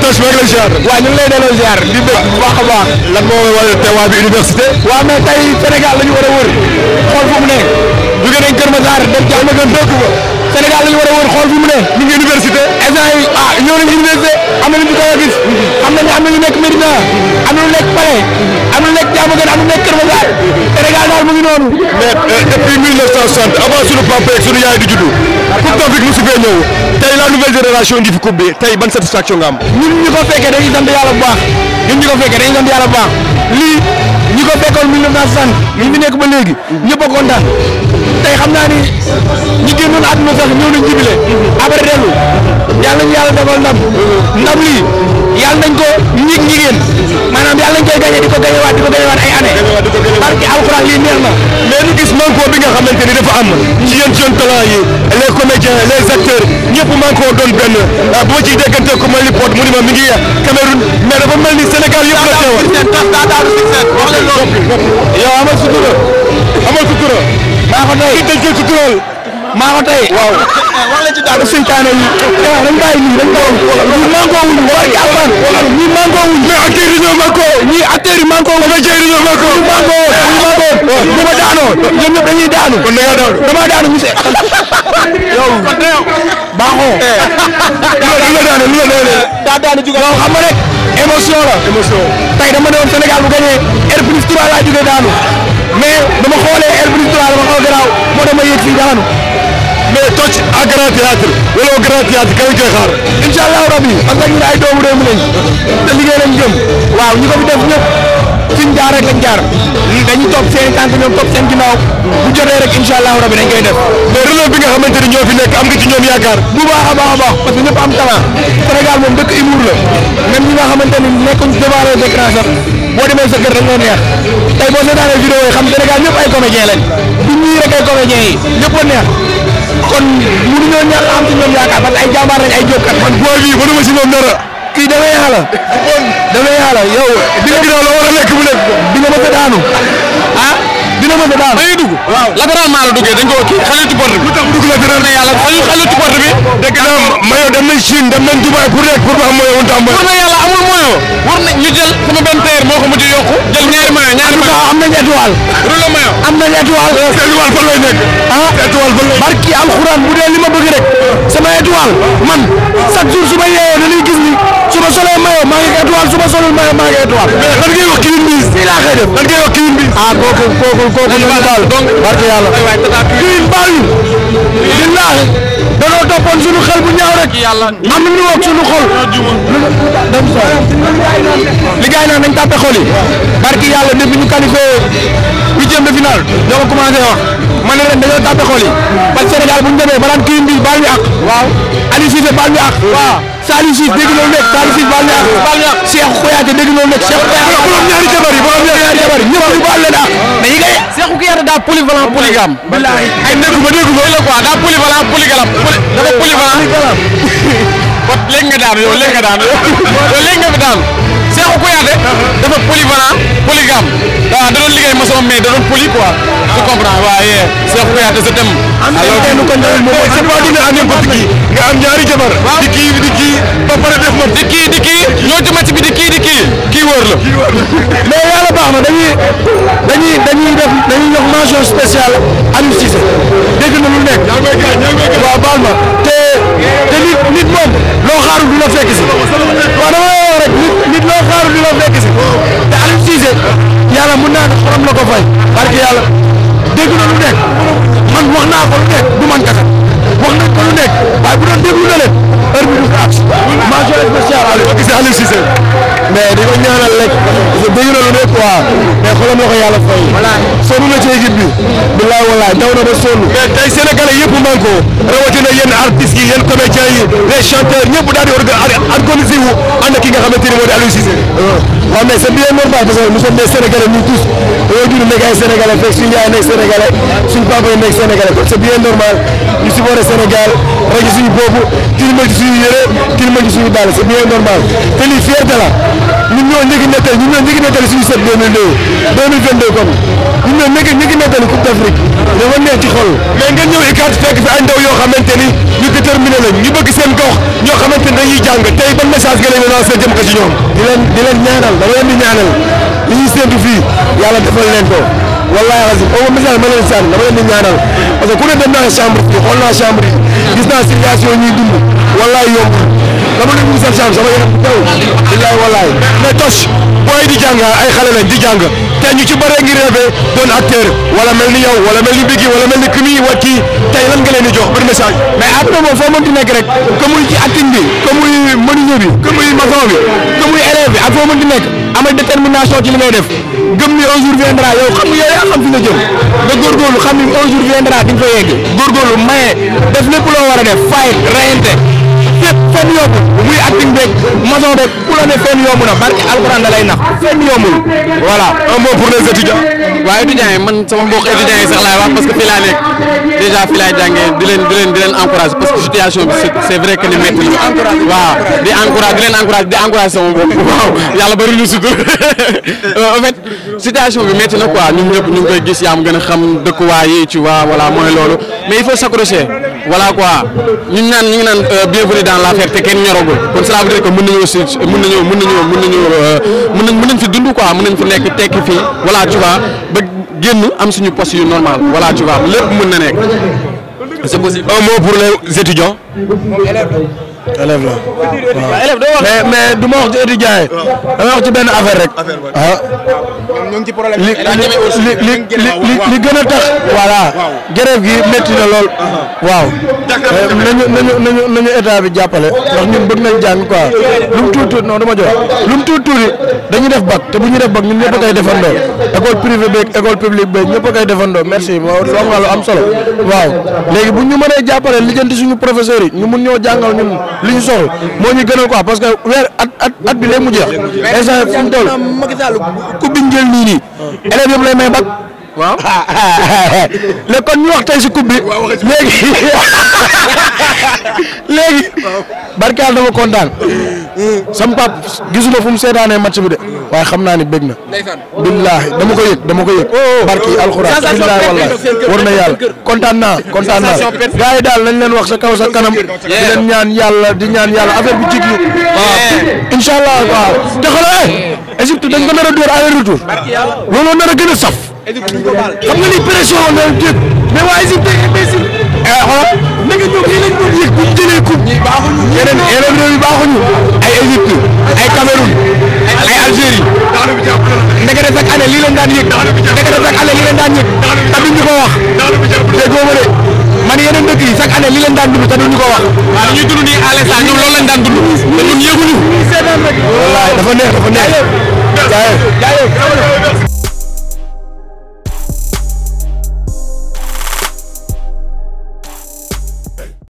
Toch maa ngi lay ziar. waaw a ngi lay delloo ziar di bëgg bu baax a baax. lan moo waral teewaay bi université. waaw mais tey Sénégal la ñu war a wër xool fu mu ne jóge nañ Kër Massar dem ca Amagan dëkk ba Sénégal war a wër xool fu mu ne. ñu université. instant yi ah ñoo nañ université am na lu ñu a xam nañ am na ñu nekk Medina am na ñu nekk Palais am na ñu nekk nekk Kër Massar Sénégal daal mu ngi noonu. mais euh, depuis 1960 avant suñu papa ak suñu yaay di juddu Coupe d'Afrique mu su fee ñëw tey la nouvelle génération ngi fi coupe bi tey ban satisfaction nga am. ñun ñu ko fekkee dañuy sant yàlla bu baax ñun ñu ko fekkee dañuy sant yàlla bu baax lii ñi ko fekkoon 1960 ñu fi nekk ba léegi ñëpp a kontaan tey xam naa ni. ñi génnoon àdduna sax ñëw nañ jibile après dellu yal nañu yàlla defal ndam ndam lii yal nañ ko ñig ñigéen maanaam yal nañ koy gañe di ko gañewaat di ko gañewaat ay année parce que alxuraan lii neex na mais ñu gis manko bi nga xamante ni dafa am ci yéen jeune talent yi les comédiens les acteurs ñëpp manko doon benn ah, boo ciy déggante ko mooy Lipot mu ni ma mi ngi Cameroun mais dafa mel ni Sénégal yëpp la teewal yow amal sutura amal sutura maa maa ko tey. waaw eh, wax la ci daal seytaane yi. waaw eh, dañ bàyyi lii dañ bàyyi lii mànkoo wuñ wala jàppal ñii mànkoo wuñ mais acteurs yi ñoo mànkoo ñii acteurs yi mànkoo wuñ métiers yi ñoo mànkoo ñii mànkoo ñii mànkoo eh. ma daanoo ñoom ñëpp dañuy daanu kon da nga daanu dama daanu monsieur yow baaxoo lu la daane lu la doole daa daanu juga yow xam nga rek émotion la émotion tey dama ne woon Sénégal bu gagné air plus 3 laa jóge daanu mais dama xoolee aile bu dama xaw a garaaw moo dama yéeg fii daanu. mais toj à grand théâtre wala au grand théâtre xaar. incha allahu rabi parce que ñun ay doomu réew mi lañ te waaw ñu ko fi def ñëpp suñ jaar rek lañ jaar dañuy topp seen tànk ñoom topp seen ginnaaw bu jotee rek incha dañ koy def. mais relève bi nga xamante ñoo fi nekk am nga ci ñoom yaakaar. bu baax a baax a baax parce que ñëpp am talent Sénégal moom dëkk humour la même ñi nga boo demee sa kër rek nga neex tey boo seetaanee vidéo yi xam Sénégal ñëpp ay comédien lañ du ñii rek ay comédien yi ñëpp a neex kon mënuñoo ñàkk am ci ñoom yaakaar parce que ay jàmbaar lañ ay jógkat. man booy bii mënuma si ñoom dara. kii damay yàlla. damay yàlla yow. di nga gis la war lekk bu lekk. di nga mën a daanu. la mën a daal ba ñuy dugg waaw latéralement la duggee dañ ko kii xale ci porte bi lu tax dugg latéral na yàlla xale ci porte bi dégg naa mayo dem nañ Chine dem nañ Dubaï pour rek na yàlla amul mayo war na ñu jël sama benn tailleur moo ko mujj yokku jël ñaari mayo ñaari mayo am nañ étoile rula mayo am nañ étoile étoile fan lay ah. bu dee li ma bëgg rek sama étoile man chaque jour su ma étoile su ma solul maillot maa ngi étoile. mais lan ngay wax Queen Biz. fii laa koy def lan ngay wax Queen Biz. ah kooku kooku kooku ñu baal barke yàlla. Queen baal ñu. billaahi danoo toppoon suñu bu ñaaw rek. am na ñu wax suñu xol. dem so li gars yi naan nañ tàppe xol yi. barke yàlla depuis ñu qualifié de finale ñoo ko commencé ma ne ren dañoo tàppe xol yi. parce que Sénégal bu ñu demee ba naan Queen Biz baal ñu ak. waaw Aliou Cissé baal ñu ak. waaw Saliou Cissé dégg loolu lépp baal Cheikhou Kouyaté dégg noonu nag Cheikhou Kouyaté borom ñaari jabar yi borom ñaari jabar yi ñëpp ñu baal leen ak mais yi ngay Cheikhou Kouyaté daa polyvalent polygame billahi ay dégg ba dégg ba la quoi daa polyvalent polygame dafa polyvalent ba léegi nga daan yow léegi nga daan yow léegi nga fi daan Cheikhou Kouyaté uh-huh. dafa polyvalent polygame ay maçon mais da doon poli quoi. tu comprends waaw yee. Cheikh Kouyaté sa dem. alors que ko c'est pas donné à n'importe qui nga am ñaari jabar. waaw di kii di kii ba pare def ma. di kii di kii ñoo ci match bi di kii di kii kii wër la. mais yàlla baax na dañuy dañuy dañuy def dañuy jox mention spéciale Aliou Cissé dégg na lu nekk. yaa ngi may gaañ yaa ngi may gaañ waaw baal ma te te nit nit moom loo xaarul du la fekk si. waaw dama la wax rek nit nit loo xaarul du la fekk si te Aliou Cissé. yàlla mun naa ne xorom la ko fay barke yàlla dégg na lu nekk man wax naa ko lu nekk du man kese wax nañ ko lu nekk waaye bu doon déglu na leen heure bi du ko àgg mention spéciale Aliou. gis Aliou Cissé mais di ko ñaanal rek dégg na lu nekk quoi. mais xolam la ko yàlla fay. walaay sonn na ci équipe bi. bilaay walaay daw na ba sonn. mais tey sénégalais yëpp man ko rawatina yenn artistes yi yenn comédiens yi les chanteurs ñëpp daal di organiser wu ànd ki nga xamante ni moo di Aliou Cissé. waaw mais c'est bien normal parce que nous sommes des sénégalais nous tous ay sénégalais fekk papa yi nekk sénégalais kon c'est bien normal ñu Sénégal rek suñu bopp tilima ci suñu yére tilima ci suñu dàll c'est bien normal te lii fierté la ñun ñoo 2022 kon ñun ñoo nekk ñi ngi nettali Coupe d'Afrique dafa neex ci xol mais ngeen ñëw ikaat fekk fi ay ndaw yoo xamante ni ñu déterminé lañ ñu bëgg seen gox ñoo xamante ni dañuy jàng tey ban message nga leen lancé jëm ko ci ñoom di ñaanal dama leen di ñaanal li ñuy séntu fii yàlla defal leen ko wallahi azim au message ma leen sànni dama leen di ñaanal parce que ku ne dem naa chambre bi xool naa chambre gis naa situation ñuy dund wallaay yomb dama ne mu seen chance sama yaram di jàng ay xale lañ di jàng te ñu ci bëree ngi rêvé doon acteur wala mel ni yow wala mel ni Biggi wala mel ni Kimi wa kii tey lan nga leen di jox ban message. mais après moom foo mënti nekk rek que muy ci acting bi que muy menuisier bi que muy maçon bi que muy bi ak foo mënti nekk amal détermination ci li ngay def gëm ni fi nga jëm nga góorgóorlu xam ni un jour viendra di nga fa yegg góorgóorlu maye def lépp loo war a def fayet reyante. nag fenn yombul muy acting beeg maçon rek ku la ne fenn yomb na barki alxuraan da lay nax fenn yombul voilà un mot pour les étudiants. waaye étudiants yi man sama mbokk étudiants yi sax laay wax parce que fii laa déjà fii laay jàngee di leen di di leen encouragé parce que situation bi c'est vrai que ni métti na waaw di encouragé di sama bopp waaw yàlla bari ñu sutur en fait situation bi métti na ñun ñëpp ñu ngi koy gis yaa gën a xam dëkkuwaay yi tu vois voilà mooy loolu mais voilà quoi ñu naan ñu naan euh, bienvenue dans l'affaire te kenn ñoragul kon cela veut dire que mën nañoo si mën nañoo mën nañoo mën nañoo euh, mën nañ fi dund quoi mën nañ fi nekk tekki fii voilà tu vois ba génn am suñu poste yu normal voilà tu lépp mën na nekk. c'est possible un mot pour les étudiants. mais mais du ma wax ci étudiants yi. dama wax ci benn affaire rek. Ah. ñu ngi ci problème li li li gën a tax voilà grève gi métti na lool waaw euh, nañu nañu nañu nañu état bi jàppale ndax ñun bëgg nañ jàng quoi lu mu tuuti tuuti non dama jox lu mu tuuti tuuti dañuy def bac te bu ñu def bac ñun ñëpp a koy defandoo école privée beeg école publique beeg ñëpp a koy defandoo merci wax nga lu am solo waaw léegi bu ñu mënee jàppale lijjanti suñu professeurs yi ñu mun ñoo jàngal ñun li ñu soxla moo ñu gënal quoi parce que weer at at at bi léegi mu jeex jël nii nii. Ah. élèves yëpp lay may bac. waaw léegi kon ñu wax tey si coupe bi léegi léegi barkaal dama kontaan hmm. sam pap gisuma fu mu seetaanee match bi de waaye xam naa ni bëgg na billaahi dama ko yëg dama ko yëg oh, oh. barki alxuraan billaahi wallaahi war na yàlla kontaan naa kontaan naa gars daal nañ leen wax sa kaw sa kanam di leen ñaan yàlla di ñaan yàlla affaire bi jig ñu waaw incha allah Égypte dañ ko nar a dóor aller retour looloo nar a gën a saf xam nga ni pression woon na dégg mais waa Égypte ay imbécile eh xoolal na nga ñëw kii lañ doon yëg bu ñu jëlee coupe yeneen baaxuñu ay Égypte ay Cameroun ay Algérie ndeke def ak année lii lañ daan yëg ndeke wax déggoo ma man yeneen dëkk yi chaque année li leen daan dund te duñu ko wax. waaw li ñuy dund nii à l'instant ñoom loolu lañ daan dund. te ñun yëguñu. wallaay dafa neex dafa neex. jaayee jaayee.